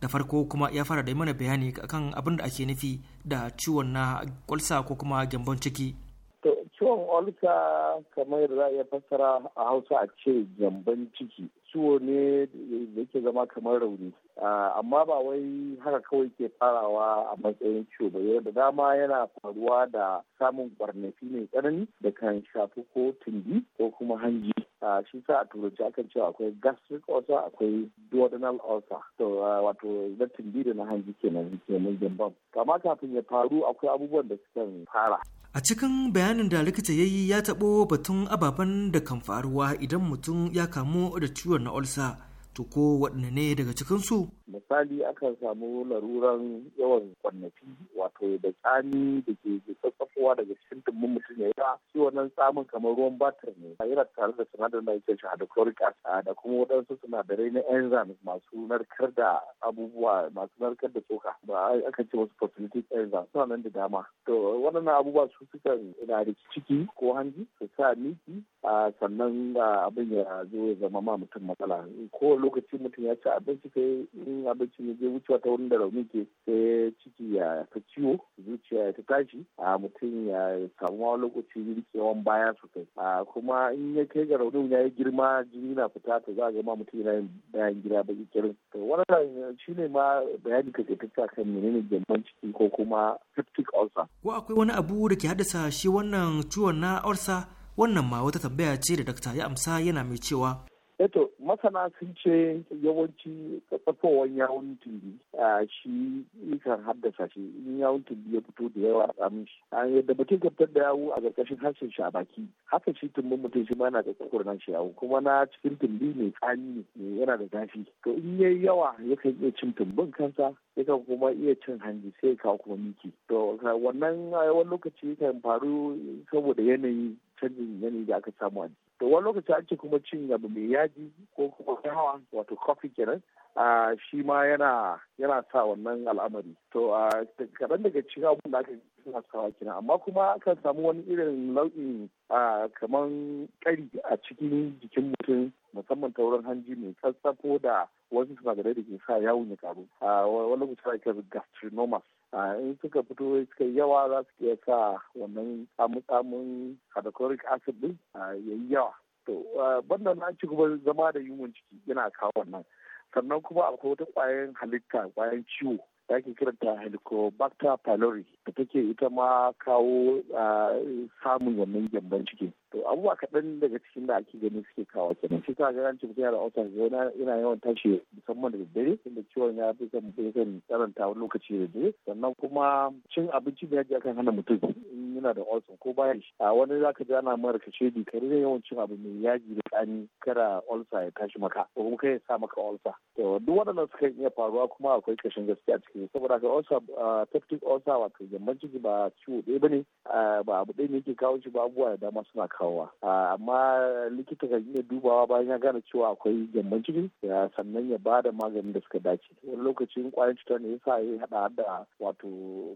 da farko kuma ya fara da mana bayani kan abin da ake nufi da ciwon na kwalsa ko kuma gyambon ciki ciwon olka kamar yadda za a iya fassara a hausa a ce gyambon ciki ciwo ne da ke zama kamar rauni ah, amma ba wai haka kawai ke farawa a matsayin ciwo ba yau da dama yana faruwa da samun kwarnafi mai tsanani da kan shafi ko tumbi ko kuma hanji a ah, shi sa a turanci akan cewa akwai gastric ulcer akwai duodenal ulcer to ah, wato da tumbi da na hanji kenan kenan jambam kama kafin ya faru akwai abubuwan da sukan fara a cikin bayanin da likita ya yi ya taɓo batun ababen da kan faruwa idan mutum ya kamu da ciwon na olsa to ko waɗanne ne daga cikinsu? Misali akan samu laruran yawan kwanaki wato da tsani da ke tsatsafowa daga cikin dumbin mutum ya yawa shi wannan tsamin kamar ruwan batir ne yana tare da sinadarin da ake shahada chloric acid da kuma waɗansu sinadarai na enzymes masu narkar da abubuwa masu narkar da tsoka ba aka ce wasu phosphatic enzymes suna nan da dama to waɗannan abubuwa su sukan na da ciki ko hanji su sa miki sannan abin ya zo ya zama ma mutum matsala ko lokaci mutum ya ci abinci sai in abincin ya je wucewa ta wurin da rauni ke sai ciki ya ta ciwo zuciya ya ta tashi a mutum ya samu wani lokaci rikewan baya sosai a kuma in ya kai ga raunin ya yi girma jini na fita ta za a ga ma mutum yana yin bayan gida baki kirin to wannan shine ma bayani ka ta kan menene gyamban ciki ko kuma septic ulcer ko akwai wani abu da ke haddasa shi wannan ciwon na ulcer wannan ma wata tambaya ce da dakta ya amsa yana mai cewa Eto eh masana sun ce yawanci tsafowar yawon tundi a shi kan haddasa shi in yawon tundi ya fito da yawa a tsamin shi. A yadda mutum ka da yawo a ƙarƙashin harshen shi a baki haka shi tumbin mutum shi ma yana da tsakuwar nan shi yawo kuma na cikin tumbi mai tsani ne yana da zafi. To in yayi yawa yakan iya cin tumbin kansa yakan kuma iya cin hanji sai ya kawo kuma miki. To wannan wani lokaci kan faru saboda yanayi canjin yanayi da aka samu a to wani lokaci ake kuma cin abu mai yaji ko kuma yawa wato coffee kenan a shi ma yana sa wannan al'amari to a kaɗan daga cikin abubuwan da aka suna sawa kenan amma kuma akan samu wani irin nau'in kaman ƙari a cikin jikin mutum musamman ta wurin hanji mai tsatsafo da wasu sinadarai da ke sa yawon ya karu a wani lokaci ake gastrinomas a ah, in suka fito suka yawa za su iya sa wannan tsamun hydrochloric acid din ah, ya yi yawa to ah, banda na ci gaba zama da yunwan ciki yana kawo wannan sannan kuma akwai wata kwayan halitta kwayan ciwo da ake kiranta helicobacter pylori da take ita ma kawo samun wannan gyamban ciki to abubuwa kaɗan daga cikin da ake gani suke kawo kenan shi ta ga ranci mutum yana autar yana yana yawan tashi musamman da daddare inda ciwon ya fi kan tsaranta lokaci da dare sannan kuma cin abinci da yaji akan hana mutum yana da olson ko baya shi a wani zaka ji ana mara ka ce kare ne yawancin abu mai yaji da tsani kara olsa ya tashi maka ko kuma kai ya sa maka olsa to duk waɗannan suka iya faruwa kuma akwai kashin gaskiya cikin saboda ka olsa peptic olsa wato gyamban ciki ba ciwo ɗaya ne ba abu ɗaya ne yake kawo shi ba abubuwa da dama suna kawowa amma likita kan iya dubawa bayan ya gane cewa akwai gyamban ciki sannan ya ba da maganin da suka dace wani lokacin kwayan cutar ne yasa ya haɗa da wato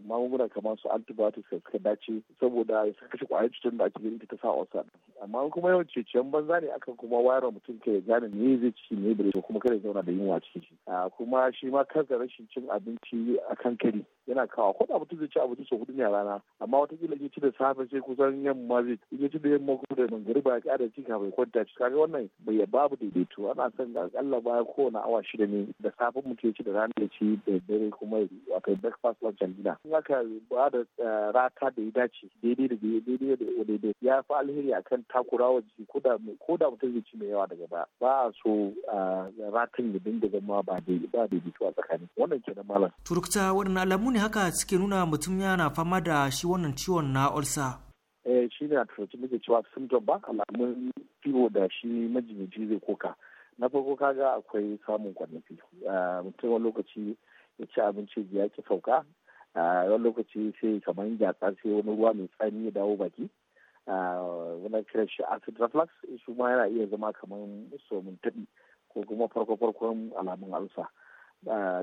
magunguna kamar su antibiotics da suka dace saboda ya kashe kwayar cutar da ake ganin ta sa osa amma kuma yawan ciciyan banza ne akan kuma wayar mutum kai gane me zai ci ne da kuma kada ya zauna da yunwa cikin shi kuma shi ma kansa rashin cin abinci akan kari yana kawo ko da mutum zai ci abinci sau hudu ne a rana amma kila ya ci da safe sai kusan yamma zai ya ci da yamma kuma da ba ya kada ci kafin kwanta ci kaga wannan bai babu daidaito ana son akalla baya kowane awa shida ne da safe mutum ya ci da rana ya ci da dare kuma kai breakfast lunch and dinner in aka ba da eh, rata da ya dace ce daidai da daidai da daidai ya fi alheri akan takurawa jiki ko da mutum zai ci mai yawa daga baya ba a so ratin ya dinga zama ba daidai a tsakanin wannan ke da malam. turukta wannan alamu ne haka suke nuna mutum yana fama da shi wannan ciwon na ulcer. eh shi ne a turanci muke cewa symptom ba alamun ciwo da shi majinyaci zai koka na farko kaga akwai samun kwanafi mutum wani lokaci ya ci abinci ya ki sauka wani lokaci sai kamar gyatsa sai wani ruwa mai tsani ya dawo baki wani kiran shi acid reflux su ma yana iya zama kamar somin taɓi ko kuma farko farkon alamun alsa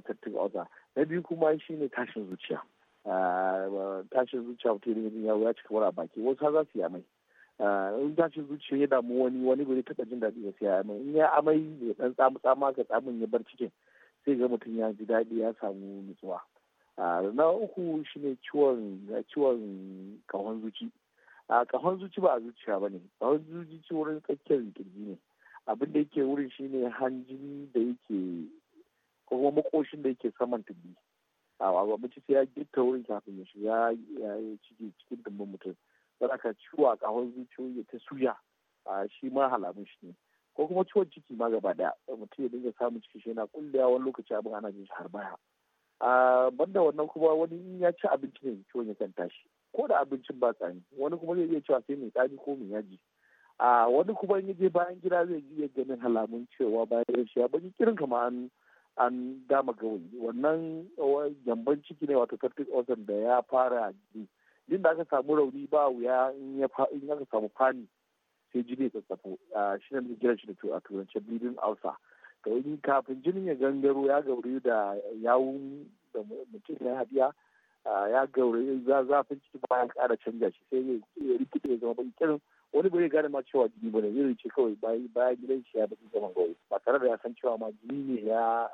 tattun alsa na biyu kuma shi ne tashin zuciya tashin zuciya mutum ya ya cika a baki wasu za su yi amai in tashin zuciya ya damu wani wani gari taɓa jin daɗi ya siya amai in ya amai ya ɗan tsamu tsama ka tsamin ya bar cikin sai ga mutum ya ji daɗi ya samu nutsuwa na uku shine ciwon ciwon kahon zuci a kahon zuci ba a zuciya ba ne kahon zuci wurin tsakiyar kirji ne abinda da yake wurin shine hanjin da yake kuma makoshin da yake saman tubi a mace sai ya gitta wurin kafin ya shiga ya ciki cikin dumbin mutum don ka ciwo a kahon ya ta suya a shi ma halamun shi ne ko kuma ciwon ciki ma gaba daya mutum ya dinga samun ciki shi yana kullewa wani lokaci abin ana jin shi har baya banda wannan kuma wani in ya ci abinci ne kyau ya kan tashi ko da abincin ba tsani wani kuma zai iya cewa sai mai tsani ko mai yaji a wani kuma in je bayan gida zai iya ganin halamun cewa bayan shi ya bani kirin kama an an dama gawayi wannan gyamban ciki ne wato tartic ulcer da ya fara jini din da aka samu rauni ba wuya in aka samu fani sai jini ya tsatsafo shi ne kiran shi da a turance bleeding Hausa. domin kafin jinin ya gangaro ya gauri da yawun da mutum ya haɗiya ya gauri za zafin ciki ba ya ƙara canja shi sai ya rikide ya zama ba kirin wani bai gane ma cewa jini ba ne zai ce kawai bayan gidan shi ya baki zaman gauri ba tare da ya san cewa ma jini ne ya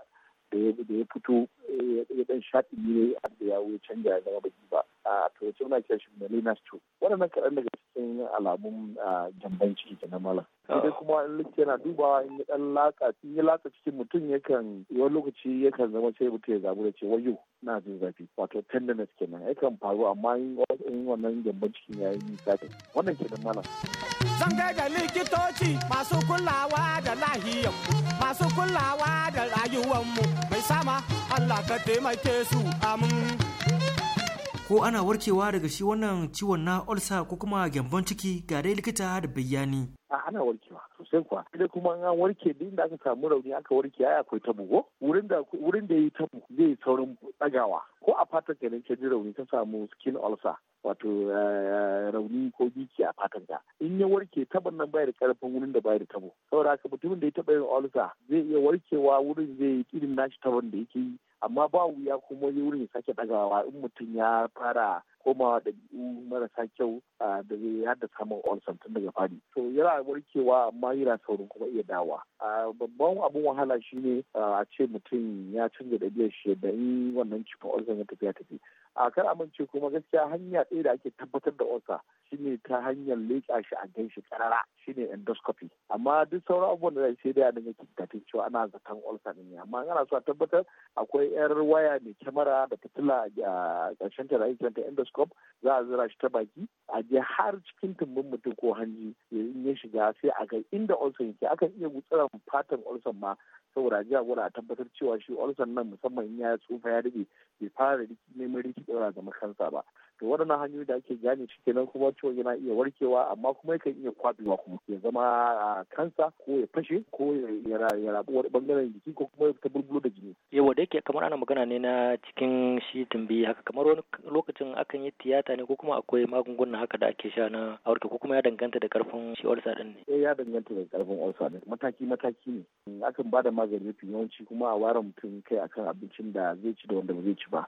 da ya da ya fito eh, ya dan shaɗi ne a da yawo ya canja ya zama baki ba a turanci muna kiran shi melina stew waɗannan kaɗan daga cikin alamun jambanci da na mala ah. sai kuma in likita yana dubawa in ya dan laka in ya laka cikin mutum yakan wani lokaci yakan zama sai mutum ya zabu da ce wayo na jin zafi wato tenderness kenan yakan faru amma in wannan jambanci ya yayi nisa wannan kenan mala. zan da likitoci masu kulawa da lahiyar masu kulawa da rayuwanmu mai sama Allah ka taimake su amin. Ko ana warkewa daga shi wannan ciwon na olsa ko kuma gyambon ciki ga dai likita da bayani. ana warkewa. sosai kuwa idan kuma an warke din da aka samu rauni aka warke ai akwai tabo ko wurin da wurin da yayi tabo zai saurin tsagawa ko a fatan ka ne ka ji rauni ka samu skin ulcer wato eh, rauni ko biki a fatan ka in ya warke taban nan bai da karfin wurin da bai da tabo saboda haka mutumin da ya taba yin ulcer zai iya warkewa wurin zai yi irin nashi taban da yake yi amma ba wuya kuma wurin ya sake dagawa in mutum ya fara komawa da marasa kyau da zai haddasa min olsan tun daga fari to yana warkewa amma yana saurin kuma iya dawa babban abin wahala shine a ce mutum ya canza ɗabi'ar shi da in wannan cikin olsan ya tafiya ya tafi a kar amince kuma gaskiya hanya ɗaya da ake tabbatar da olsa shine ta hanyar leƙa shi a gan shi ƙarara shine endoscopy amma duk sauran abubuwan da sai da a dinga tafi cewa ana zaton olsa ne amma ana so a tabbatar akwai yar waya mai kyamara da fitila a ƙarshen ta da ake stethoscope za a zira shi ta baki a je har cikin tumbin mutum ko hanji in ya shiga sai a ga inda olson yake akan iya mu fatan olson ma saboda jiya gwada a tabbatar cewa shi olson nan musamman in ya tsufa ya rage bai fara neman riki ga zama kansa ba to waɗannan hanyoyi da ake gane shi kenan kuma ciwon yana iya warkewa amma kuma yakan iya kwaɗuwa kuma ya zama a ah, kansa ko ya fashe ko ya rabu wani bangaren jiki ko kuma ta bulbulo da jini. yawa da yake kamar ana magana ne na cikin shi tumbi haka kamar wani lokacin akan yi tiyata ne ko kuma akwai magunguna haka da ake sha na aurka ko kuma ya danganta da karfin shi ulcer ɗin ne. Eh, ya danganta da karfin ulcer ɗin mataki mataki ne akan ba da magani mafi yawanci kuma a ware mutum kai akan abincin da zai ci da wanda ba zai ci ba.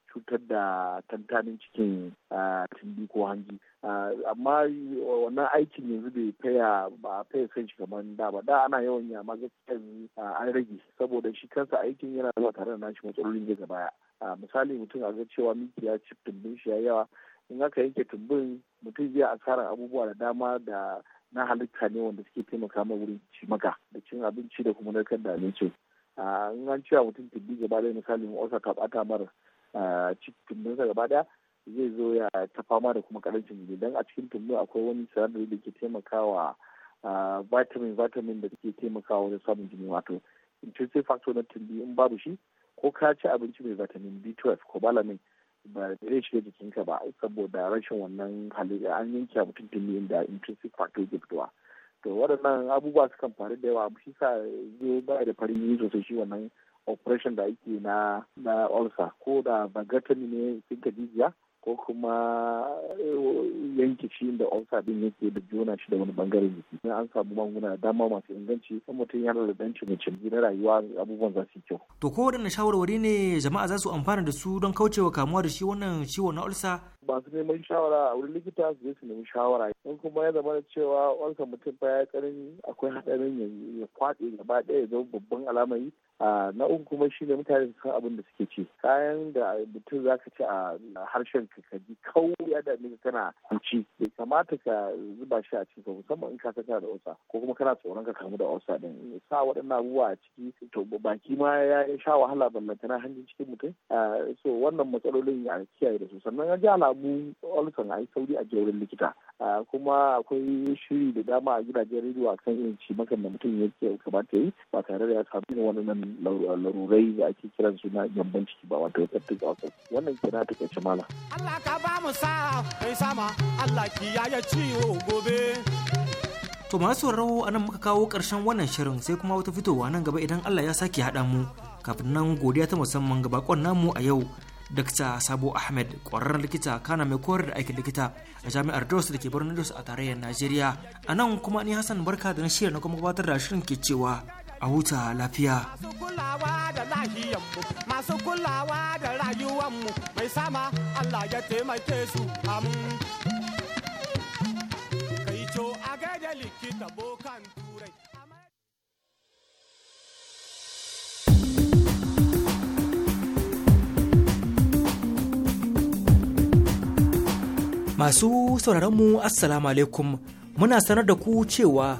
cutar da tantanin cikin tindi ko hanji amma wannan aikin yanzu bai faya ba faya san shi kamar da ba da ana yawan yi amma gaskiya an rage saboda shi kansa aikin yana zuwa tare da nashi matsalolin daga baya misali mutum a ga cewa miki ya ci tumbin shi ya yawa in aka yanke tumbin mutum zai asarar abubuwa da dama da na halitta ne wanda suke taimaka ma wurin maka da cin abinci da kuma narkar da abinci in an cewa mutum tumbi gaba da misali mu osa ka bata mara cikin tumbinsa gaba ɗaya zai zo ya ta fama da kuma karancin jini don a cikin tumbin akwai wani sinadari da ke taimakawa vitamin vitamin da ke taimakawa wajen samun jini wato intrinsic factor na tumbi in babu shi ko ka ci abinci mai vitamin B12 ko balamin ba zai shiga jikinka ba saboda rashin wannan halitta an yanke a mutum tumbi inda intrinsic factor ke fitowa to waɗannan abubuwa sukan faru da yawa shi sa zai ba da farin yi sosai shi wannan operation da ake na na ulcer ko da bagatani ne tsinka jijiya ko kuma eh, yanke shi da ulcer din yake da juna shi da wani bangaren jiki in an samu magunguna da dama masu inganci kuma mutum yana da dan cinci na rayuwa abubuwan za su kyau to ko waɗanne shawarwari ne jama'a za su amfana da su don kaucewa kamuwa da shi wannan ciwon na ulcer ba neman shawara a wurin likita su je su nemi shawara in kuma ya zama da cewa ulcer mutum ba ya karin akwai haɗarin ya kwaɗe gaba ɗaya ya zama babban alamari na uku kuma shi ne mutane su san abin da suke ci kayan da mutum za ka ci a harshen ka ka ji kawai ya ne ka kana ci bai kamata ka zuba shi a cikin musamman in ka san da osa ko kuma kana tsoron ka kamu da osa din sa waɗannan abubuwa a ciki to baki ma ya sha wahala ballantana hanjin cikin mutum so wannan matsalolin a kiyaye da su sannan ya ji alamu olson a yi sauri a jerin likita kuma akwai shiri da dama a gidajen rediyo a kan irin cimakan da mutum ya kamata ya yi ba tare da ya samu wani nan larurai da ake kiran su na gyamban ciki ba wato septic ulcer wannan kira ta kace mala Allah ka ba mu sa sama Allah ciwo gobe To a nan muka kawo karshen wannan shirin sai kuma wata fitowa nan gaba idan Allah ya sake haɗa mu kafin nan godiya ta musamman ga bakon namu a yau Dr. Sabo Ahmed ƙwararren likita kana mai koyar da aikin likita a jami'ar Jos da ke birnin Jos a tarayyar Najeriya. A nan kuma ni Hassan Barka da na shirya na kuma gabatar da shirin ke cewa a huta lafiya. Masu kulawa da masu rayuwanmu, mai sama Allah ya taimake su amu co a likita bokan turai. Masu sauraronmu Assalamu alaikum muna sanar da ku cewa